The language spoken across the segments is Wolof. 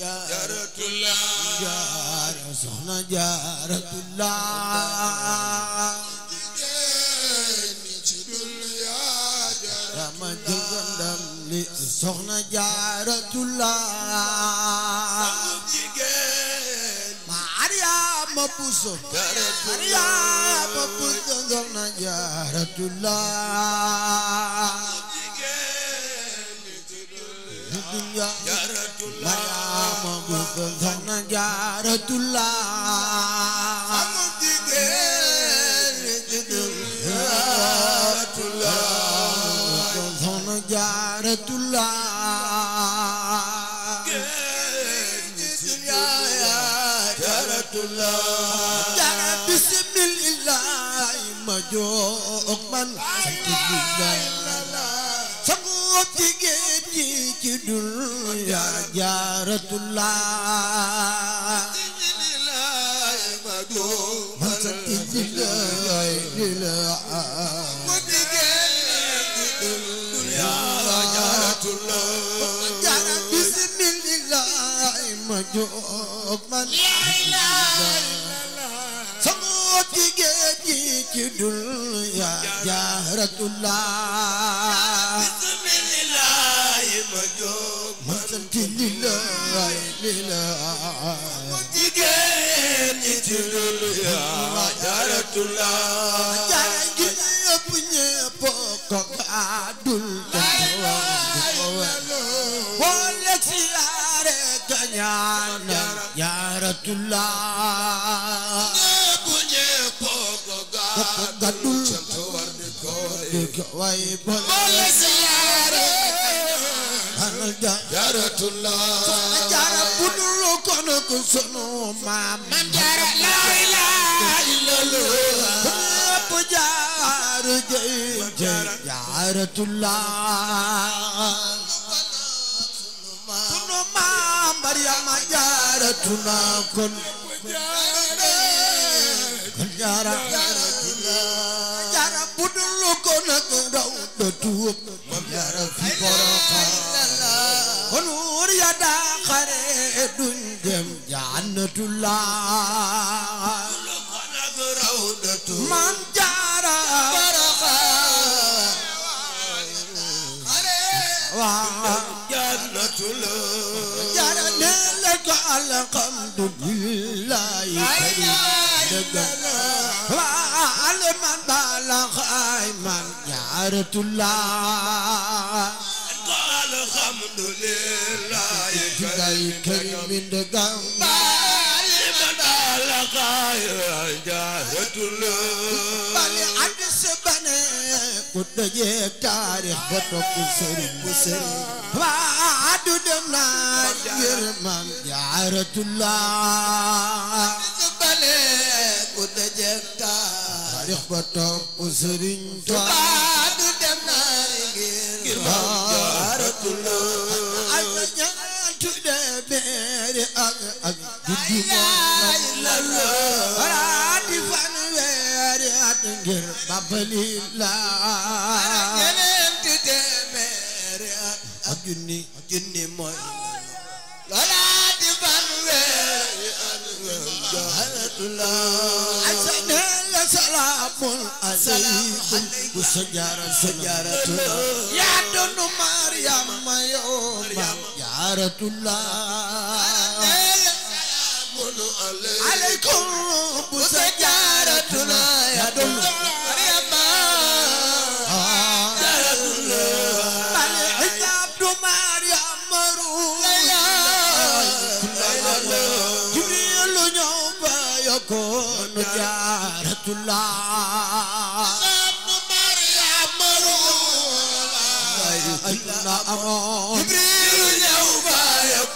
jaaratullah soxna jaaratullah dama jël ndam li soxna jaaratullah Mariama Bousso Mariama soxna jaaratullah amul jigéen jigéen jaaratullah soxna jaaratullah jigéen jaaratullah jaara bismillah ma jóg man moo jigéen ñi ci dul dul yaa jaaratullah jaara ma sant lillaay lillaay jigéen ñi ci loolu yaa jaratullah jara gi ñëpp ñëpp ko gaadul wala siyaare ka ñaan jaratullah ñëpp ñëpp ko gaadul wala siyaare ja jaratullah soxna jaara bu dul kon ko sunu maam maam jaara la ilaha illallah bu jaaru jëy jaratullah sunu maam Maryama jaaratuna kon jaara jaara bu dul kon ko daw da tuub jaara fi boroxam daa xare duñ dem jannatullah man jaara baraxa waa jannatullah jaara ne la ko alhamdulillahi waa ale man balaxay man jaaratullah ku dajeek taarix ba topp sëriñ bu sëriñ waa du dem naa ngir maam jaaratullah bale ku dajeek taarix ba topp sëriñ waa du dem naa ngir maam jaaratullah Sojaara sojaara yaa doonu Mariama ma yow ma jaratullah alaykum bu sa jaratuna ya dum mariama jaratullah ale hisab mariam ru la jibril ñoo ba yoko nu jaratullah mariam ru la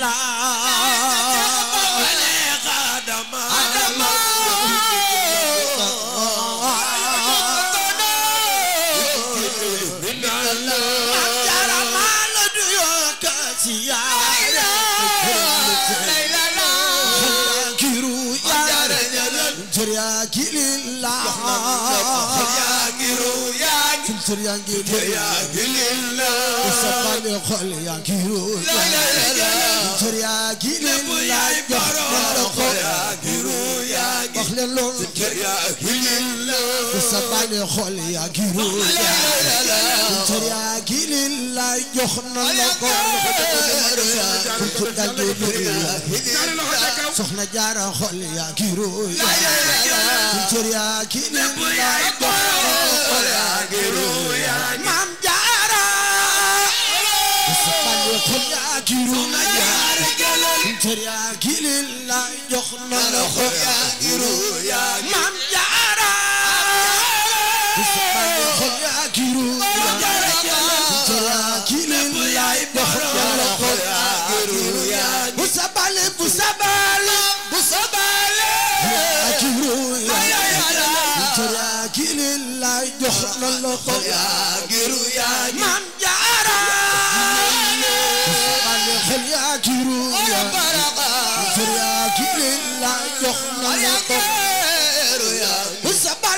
la Mansour yaa ngi bëri yaa ngi lilla Ousmane xol yaa ngi ruuj la la la Mansour yaa ngi lilla jox leen loolu sabane xol yaa ngi ruuj cër yaa ngi lillaay jox na la ko kuntu dagg lillaay soxna jaara xol yaa ngi ruuj cër yaa ngi lillaay jox na la xol yaa ngi ruuj maam jaara sabane xol yaa ngi ruuj cër yaa ngi lillaay jox na la xol yaa ngi ruuj jox na la ko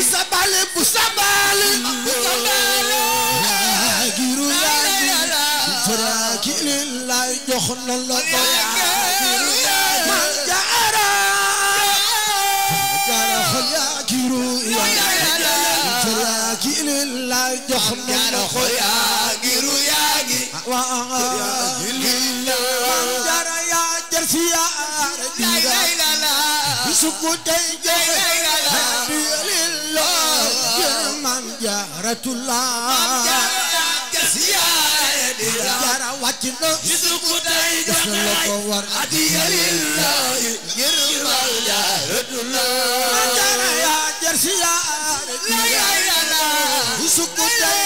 busabale busabale busabale giru la farakil la jox na la ko giru ya man jaara jaara xol ya giru ya farakil la jox na la ko ya giru ya gi wa giru la jaara ya jersiya la la la sukku tey jooy hadiya lillah maam jaaratullah jaara wàcc na sukku tey jooy hadiya lillah maam jaaratullah jaara yaa jarsiya sukku tey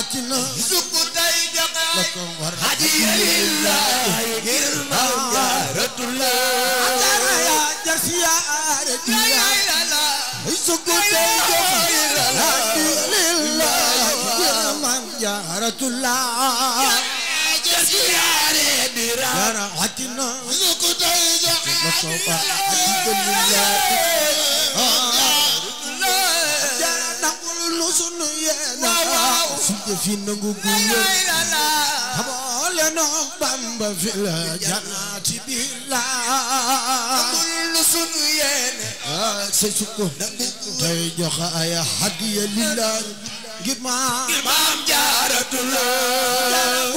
wàcc na sukku day joxe la ko war hadiya lillahi girma jaratullah atara ya jarsiya aradiya sukku day joxe hadiya lillahi girma jaratullah jarsiya aradiya wàcc na sukku day joxe la ko war hadiya lillahi sunu yéene waaw suñu jëfin nangu gu yéen xamoole noo Bamba fi la janaati bila kullu sunu yéene say sukko tay joxe ay hadiya lillah ngir maam maam jaaratullah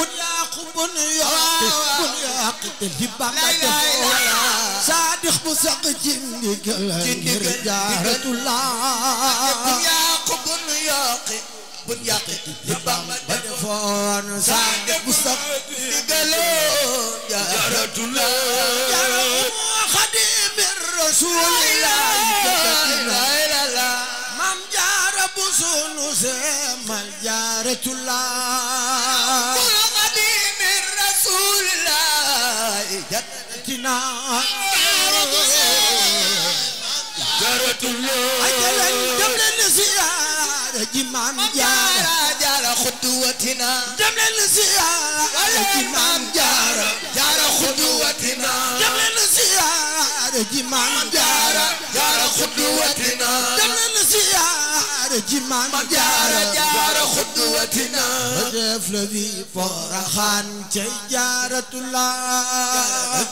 بن يعقد في بغداد صادق مسق جندك الجار الله yàq bu nu yàqi bu nu yàqi li Bamba defoon saa def sax digaloon jaratula mam jaara bu sunu seemal jaaratula jaratullah ajalan dem leen ziyaara ji maam jaara jaara xudwatina dem leen ziyaara ji maam jaara jaara xudwatina dem leen ziyaara ji maam jaara jaara xudwatina dem leen ziyaara ji maam jaara jaara xudwatina def la fi Porokhane ca jaratullah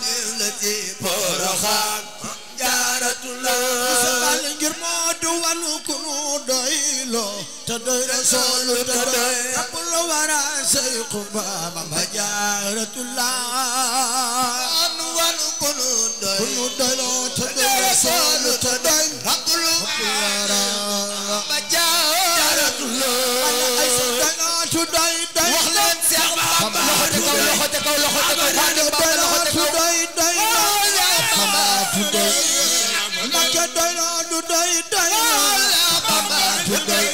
def la fi Porokhane te doy rasoolu te doy rabbul wara sayqu baaba ba jaaratullah nu walu kunu doy kunu doyloo te doy rasoolu te doy rabbul wara ba jaaratullah ay sa danaa tu doy doy wax leen seex baaba loxo te kaw loxo te kaw loxo te kaw loxo te kaw loxo te kaw loxo te kaw ca doy la du doy doy la Bamba du doy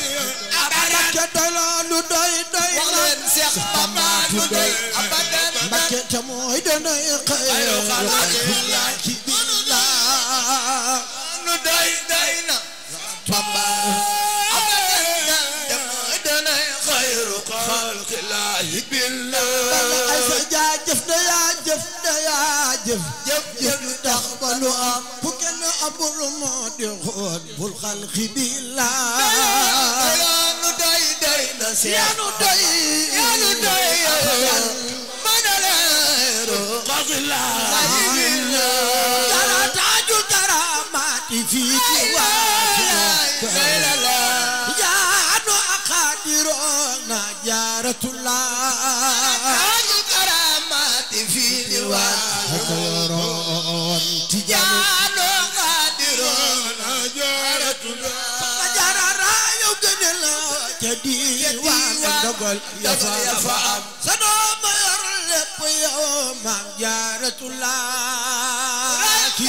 abadan ca doy la du doy doy la leen Seex Bamba du doy abadan Mbakke te mooy danay xayr billaahi billaahi nu doy doy na Bamba jëf na yaa jëf na yaa jëf jëf jëf tax ba lu am bul moo di xoot bul xalqi billah yaa nu doy doy na si yaa nu doy yaa nu doy mana leero qadillah dara taaju dara maati fii ci waa yaa nu aqaadiroo na jaaratullah taaju dara maati fii ci waa ma jaarara yow gëne la ca diiwaan ak dogal ya fa am sa dooma yor lépp yow maam jaaratu laa ki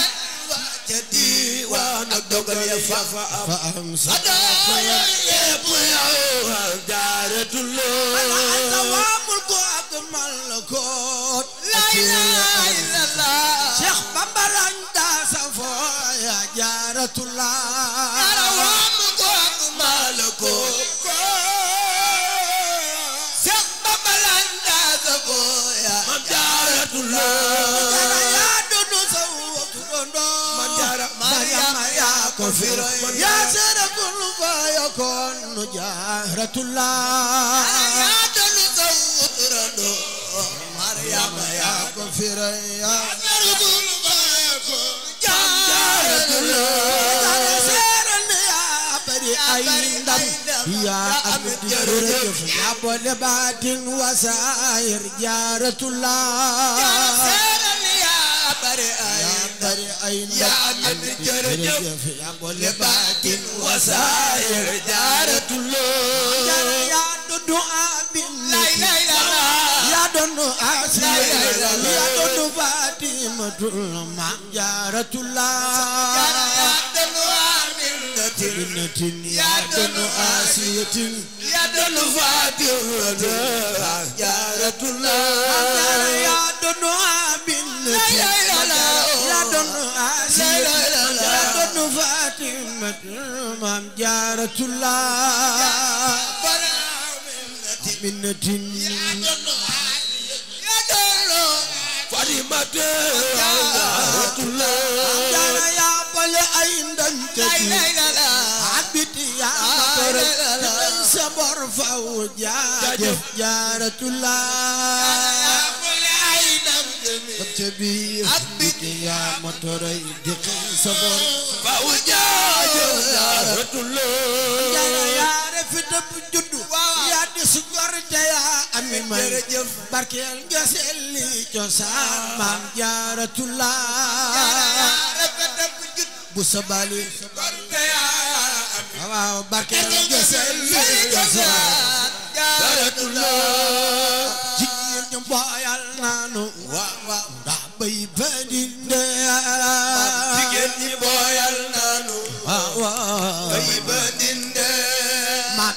ca diiwaan ak dogal ya fa am sa dooma yor lépp yow maam jaaratu laa Maryama yaa ko firay jërëjëf yaa boole baatin wasaayir jaaratullah yaa bari ay ndam jërëjëf yaa boole baatin wasaayir jaaratullah yaa doon a bin lay lay la yaa doon a si lay la yaa doon فاطمة لما جارت الله يا دن عامل يا دن آسية يا دن فاطمة جارت الله يا دن عامل يا دن آسية يا دن فاطمة لما جارت الله من يا دن jaajëf jaaratullah jabi abdi ya motoray di xey sabor fa wajaajo jaaratullah ya ya refet bu juddu su gorte yaa ami may jërëjëf barkeel nga selli cosaan ah. maam jaaratulaa bu sabali gorte yaa ami ah, waaw barkeel nga selli cosaan jaaratulaa jigéen ñu booyal naanu waaw bay badinde jigéen ñi booyal naanu waaw waaw bay badinde maam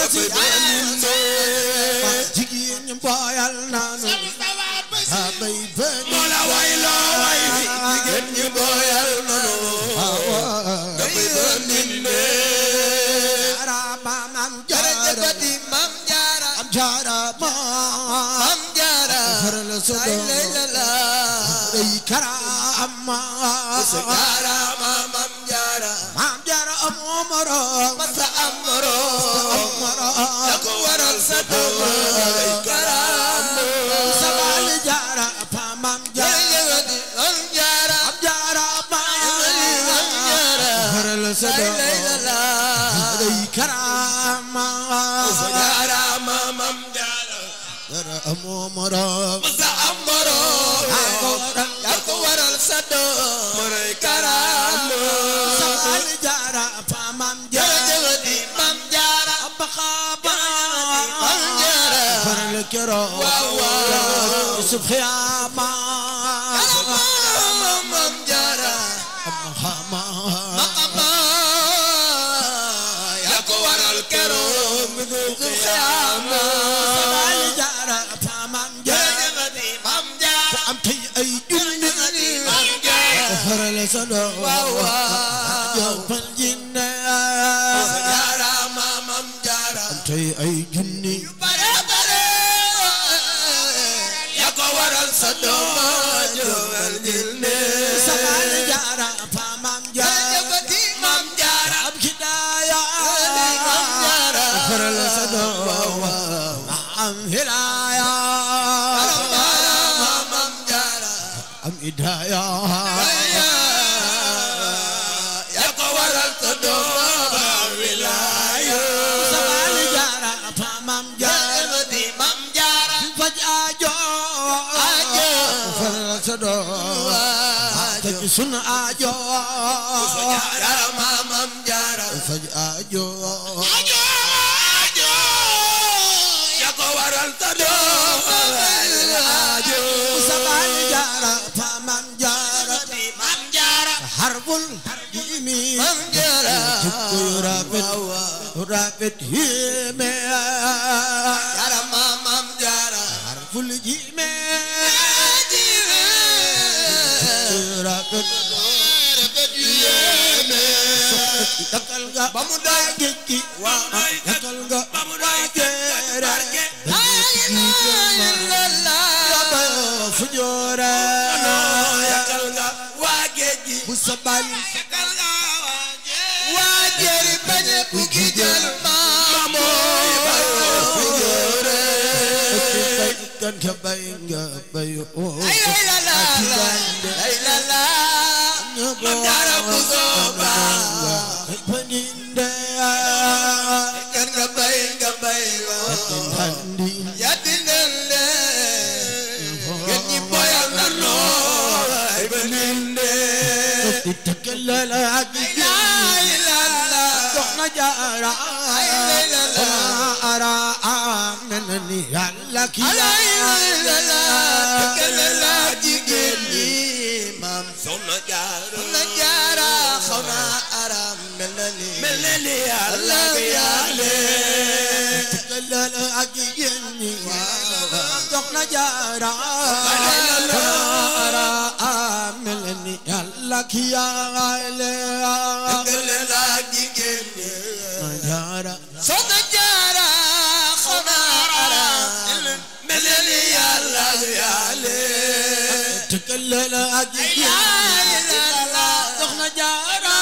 soxna si amee jigéen ñi booyal naanu amay bëgg moo la way loo way jigéen ñi booyal naanu amay bëgg ninde arama mam jaara mam jaara am jaara mam jaara faral so do la ay karama karama mam jaara am moroom sa am moroom la ko waral sa doom amoo morom musa am morom yaa ko waral yaa ko waral sa doom mooy karaam sa Ali Jaara fa maam Jaara di maam Jaara ba xaaba maam Jaara faral kero waaw waaw sub xiyaama maam Jaara am xaama yaa ko waral kero sub xiyaama le sodo waaw waaw jox jinne jaara maamam jaara tey jaara fa maam jaara am hidaaya am sun ajo so jaara mamam jaara so ajo ajo ajo ya ko waral ta do ajo saban jaara famam jaara mam jaara harbul jimi mam jaara jukku rabet rabet hime jaara mamam jaara harbul jimi dakkal nga ba mu doy géej gi waaw dakkal nga ba mu doy géej sabal waa jeri bañe bu ki jël maamo fujore kan ka bay nga bay o ay la la la ak jigéen soxna jaara ara amen ni yàlla ki la jigéen soxna jaara xawna ara mel na ara amen lak yaa leyaa dëgg la jigéen ñi jaara soxna jaara xamaara melel yàlla yaa lee dëgg la jigéen ñi soxna jaara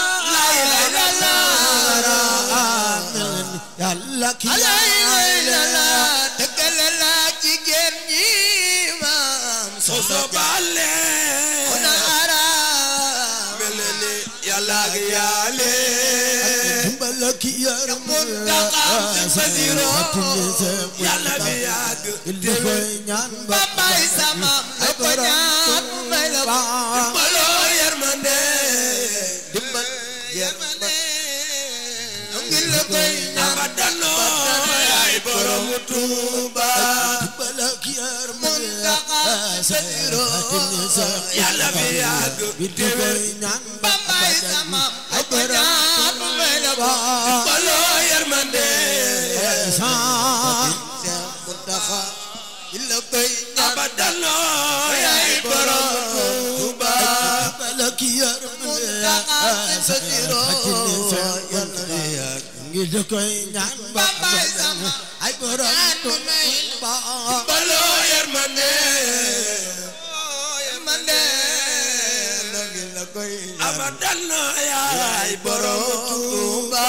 yàlla ki yaa leyaa yaalee mbalaki yaram muntaqa badiro yàlla bi yàgg te koy ñaan ba bay sama la ko ñaan may la dimbaloo yermande dimbal yermande ñu ngi la koy ñaan ba danoo yaay borom tuuba mbalaki yaram muntaqa badiro yàlla bi yàgg te koy ñaan ba Baloo yërmande yërmande la koy abadan yaay borom Tuuba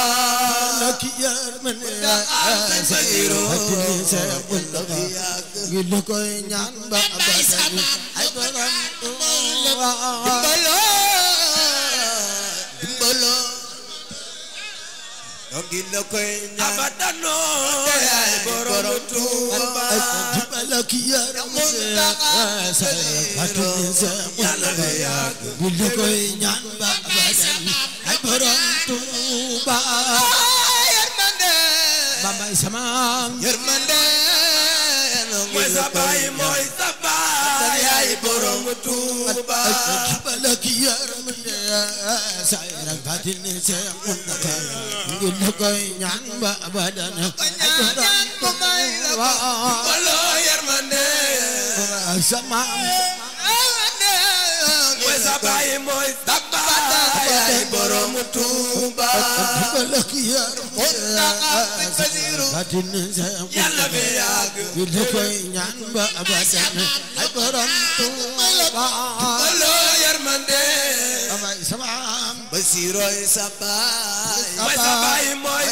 nak yar man yaay sagiru hatini sa muntaka gil koy ñaan ba abadan ay borom Tuuba dimbalo dimbalo donc gil koy ñaan abadan yaay borom Tuuba لك يا منتقى سليم borom Tuuba balaki yaram ne sayra batin se amna ka ngir na koy ñaan ba abadan ñaan ko may la wala yarmande sama ne way sa baye moy yaay borom Tuuba yàlla bi yàgg bi di koy ñaan ba abadan ay borom Tuuba loo yërmande sama baay sama baay mooy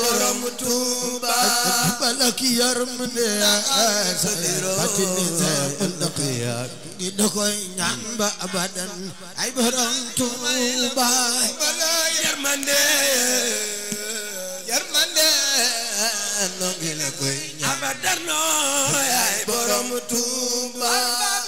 borom Tuuba balak yaram ne ni da koy ñaan ba abadan ay borom Tuuba bala yarmande yarmande no ngi la koy ñaan abadan ay borom Tuuba